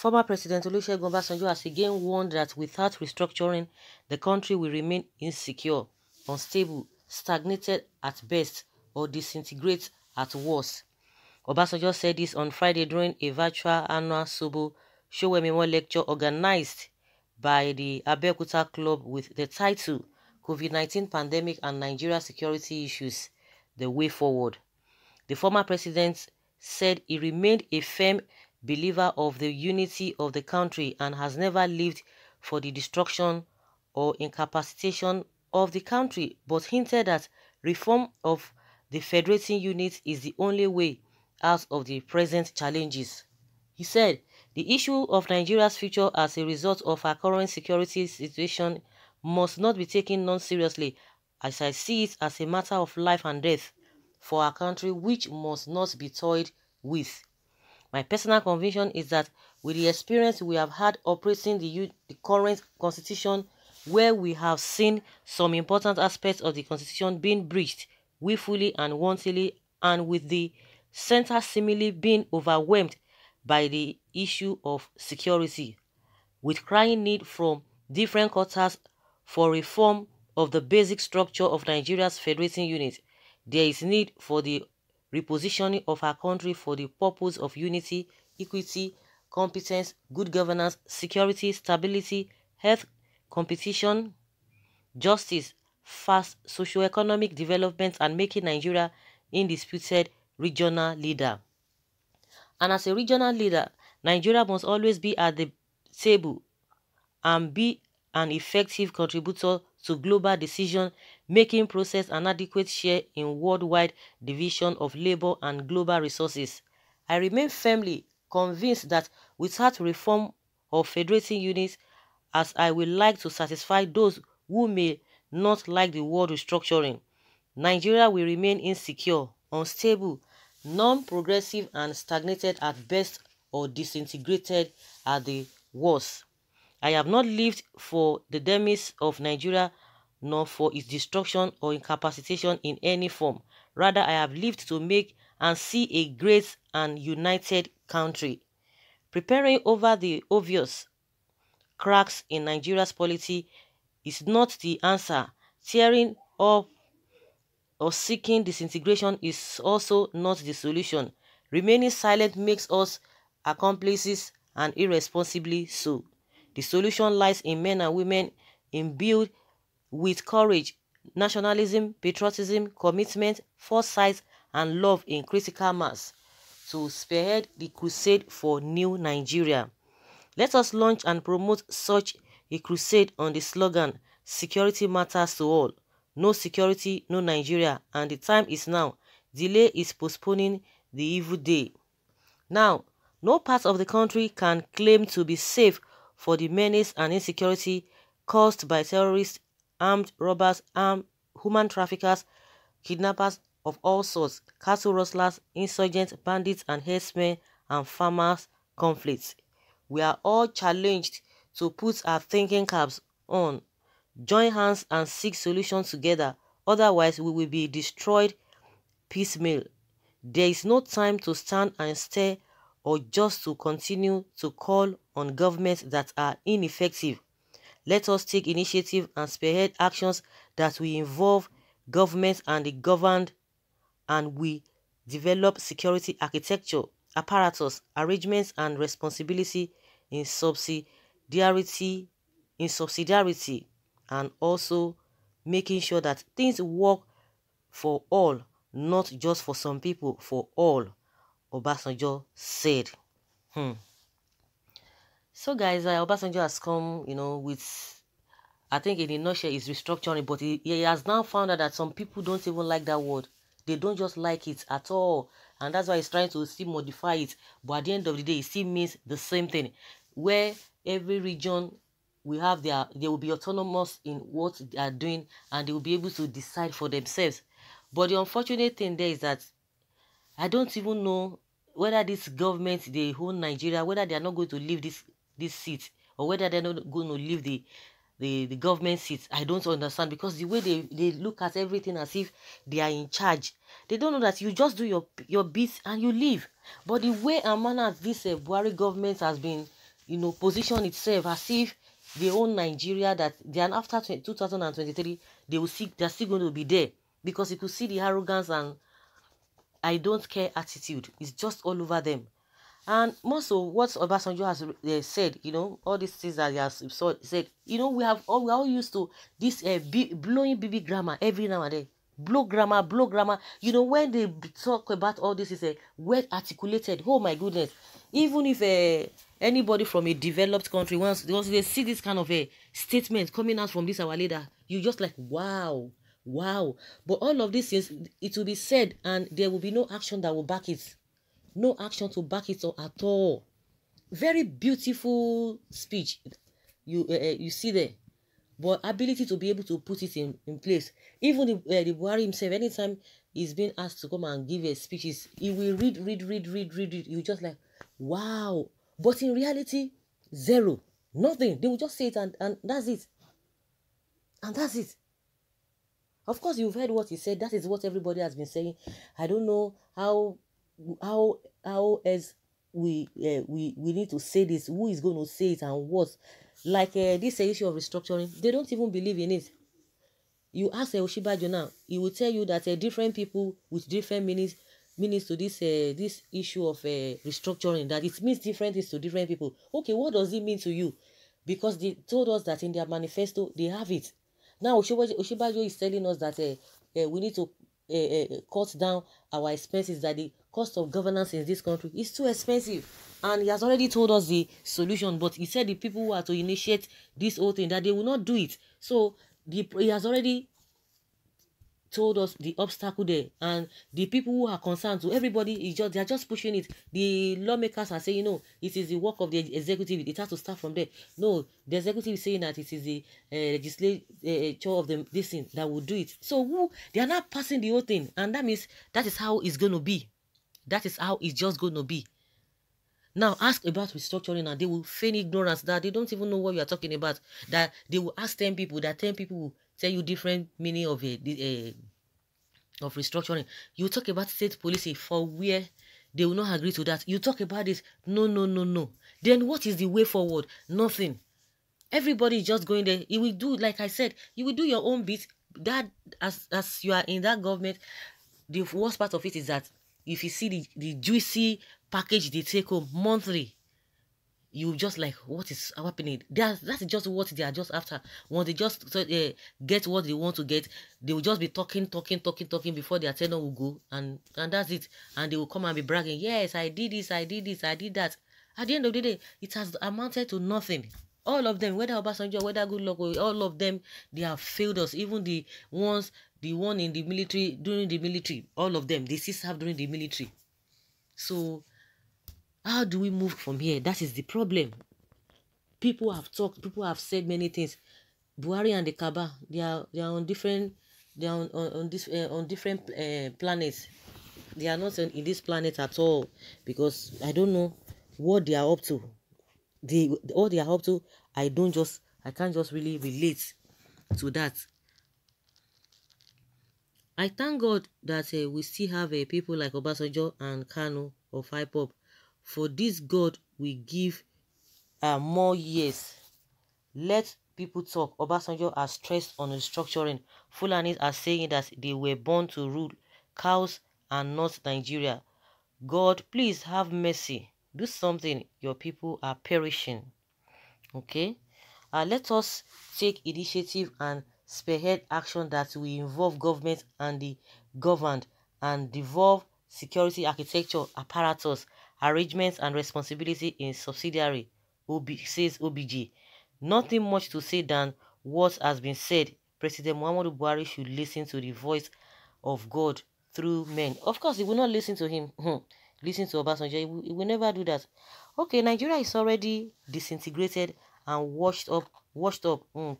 Former President Olusegun Obasanjo has again warned that without restructuring, the country will remain insecure, unstable, stagnated at best, or disintegrate at worst. Obasanjo said this on Friday during a virtual annual Sobo memo lecture organized by the Abeokuta Club with the title COVID-19 Pandemic and Nigeria Security Issues, The Way Forward. The former president said he remained a firm believer of the unity of the country and has never lived for the destruction or incapacitation of the country, but hinted that reform of the federating unit is the only way out of the present challenges. He said, the issue of Nigeria's future as a result of our current security situation must not be taken non-seriously as I see it as a matter of life and death for our country which must not be toyed with. My personal conviction is that with the experience we have had operating the, the current constitution, where we have seen some important aspects of the constitution being breached willfully and wantonly, and with the center seemingly being overwhelmed by the issue of security, with crying need from different quarters for reform of the basic structure of Nigeria's federating unit, there is need for the repositioning of our country for the purpose of unity, equity, competence, good governance, security, stability, health, competition, justice, fast socio-economic development and making Nigeria indisputed regional leader. And as a regional leader, Nigeria must always be at the table and be an effective contributor to global decision making process an adequate share in worldwide division of labor and global resources. I remain firmly convinced that without reform of federating units, as I would like to satisfy those who may not like the world restructuring, Nigeria will remain insecure, unstable, non-progressive and stagnated at best or disintegrated at the worst. I have not lived for the demise of Nigeria nor for its destruction or incapacitation in any form. Rather, I have lived to make and see a great and united country. Preparing over the obvious cracks in Nigeria's polity is not the answer. Tearing up or seeking disintegration is also not the solution. Remaining silent makes us accomplices and irresponsibly so. The solution lies in men and women imbued with courage, nationalism, patriotism, commitment, foresight, and love in critical mass to spearhead the crusade for new Nigeria. Let us launch and promote such a crusade on the slogan, Security Matters to All, No Security, No Nigeria, and the time is now. Delay is postponing the evil day. Now, no part of the country can claim to be safe for the menace and insecurity caused by terrorists armed robbers, armed human traffickers, kidnappers of all sorts, castle rustlers, insurgents, bandits and herdsmen and farmers conflicts. We are all challenged to put our thinking caps on, join hands and seek solutions together. Otherwise, we will be destroyed piecemeal. There is no time to stand and stare or just to continue to call on governments that are ineffective let us take initiative and spearhead actions that will involve governments and the governed and we develop security architecture, apparatus, arrangements and responsibility in subsidiarity, in subsidiarity and also making sure that things work for all, not just for some people, for all, Obasanjo said. Hmm. So guys, uh, Obasanjo has come, you know, with, I think in a nutshell, is restructuring, but he, he has now found out that some people don't even like that word. They don't just like it at all. And that's why he's trying to still modify it. But at the end of the day, it still means the same thing. Where every region we have their they will be autonomous in what they are doing and they will be able to decide for themselves but the unfortunate thing there is that i don't even know whether this government they whole nigeria whether they are not going to leave this this seat or whether they're not going to leave the the, the government seats. I don't understand because the way they, they look at everything as if they are in charge. They don't know that you just do your your bit and you leave. But the way and manner this uh, Buhari government has been, you know, position itself as if they own Nigeria that then after 2023 they will see they're still going to be there because you could see the arrogance and I don't care attitude. It's just all over them. And most of what Obasanjo has eh, said, you know, all these things that he has said, you know, we have all we are all used to this uh, b- blowing BB grammar every now and then. Blow grammar, blow grammar. You know, when they talk about all this, is a uh, well articulated. Oh my goodness! Even if uh, anybody from a developed country once because they see this kind of a statement coming out from this our leader, you just like wow, wow. But all of these things, it will be said, and there will be no action that will back it no action to back it up at all very beautiful speech you uh, you see there but ability to be able to put it in, in place even the, uh, the buhari himself anytime he's being asked to come and give a speech, he will read read read read read read you just like wow but in reality zero nothing they will just say it and, and that's it and that's it of course you've heard what he said that is what everybody has been saying i don't know how how how as we uh, we we need to say this who is going to say it and what like uh, this issue of restructuring they don't even believe in it you ask uh, Oshibajo now he will tell you that uh, different people with different meanings meanings to this uh, this issue of uh, restructuring that it means different things to different people okay what does it mean to you because they told us that in their manifesto they have it now Oshibajo, Oshibajo is telling us that uh, uh, we need to uh, cut down our expenses that the cost of governance in this country is too expensive and he has already told us the solution but he said the people who are to initiate this whole thing that they will not do it so the he has already told us the obstacle there and the people who are concerned to everybody is just they are just pushing it the lawmakers are saying no it is the work of the executive it has to start from there no the executive is saying that it is the uh, eh, legislature eh, eh, of the this thing that will do it so who they are not passing the whole thing and that means that is how it's going to be that is how it's just going to be now ask about restructuring and they will feign ignorance that they don't even know what you are talking about that they will ask 10 people that 10 people will tell you different meaning of a, a eh, of restructuring you talk about state policy for where they will not agree to that you talk about this no no no no then what is the way forward nothing everybody is just going there you will do like i said you will do your own bit that as as you are in that government the worst part of it is that if you see the the juicy package they take home monthly you just like what is happening that's that's just what they are just after when they just so they eh, get what they want to get they will just be talking talking talking talking before their tenor will go and and that's it and they will come and be bragging yes i did this i did this i did that at the end of the day it has amounted to nothing all of them whether obasanjo whether good luck all of them they have failed us even the ones the one in the military during the military all of them they still serve during the military so How do we move from here? That is the problem. People have talked, people have said many things. Buhari and the Kaba, they are they are on different they are on, on, on this uh, on different uh, planets. They are not in, this planet at all because I don't know what they are up to. The all they are up to, I don't just I can't just really relate to that. I thank God that uh, we still have uh, people like Obasanjo and Kano of IPOP for this God will give uh, more years. Let people talk. Obasanjo has stressed on restructuring. Fulanis are saying that they were born to rule cows and not Nigeria. God, please have mercy. Do something. Your people are perishing. Okay? Uh, let us take initiative and spearhead action that will involve government and the governed and devolve security architecture apparatus arrangements and responsibility in subsidiary, OB, says OBG. Nothing much to say than what has been said. President Muhammadu Buhari should listen to the voice of God through men. Of course, he will not listen to him. Hmm. listen to Obasanjo. He will, he will never do that. Okay, Nigeria is already disintegrated and washed up. Washed up. Mm.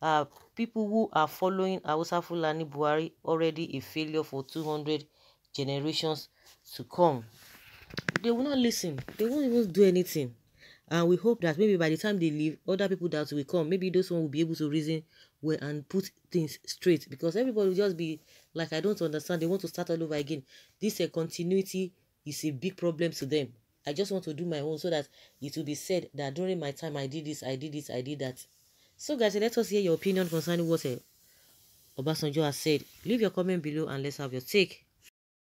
Uh, people who are following Hausa Fulani Buhari already a failure for 200 generations to come they will not listen. They won't even do anything. And we hope that maybe by the time they leave, other people that will come, maybe those one will be able to reason well and put things straight. Because everybody will just be like, I don't understand. They want to start all over again. This a eh, continuity is a big problem to them. I just want to do my own so that it will be said that during my time I did this, I did this, I did that. So guys, eh, let us hear your opinion concerning what uh, Obasanjo has said. Leave your comment below and let's have your take.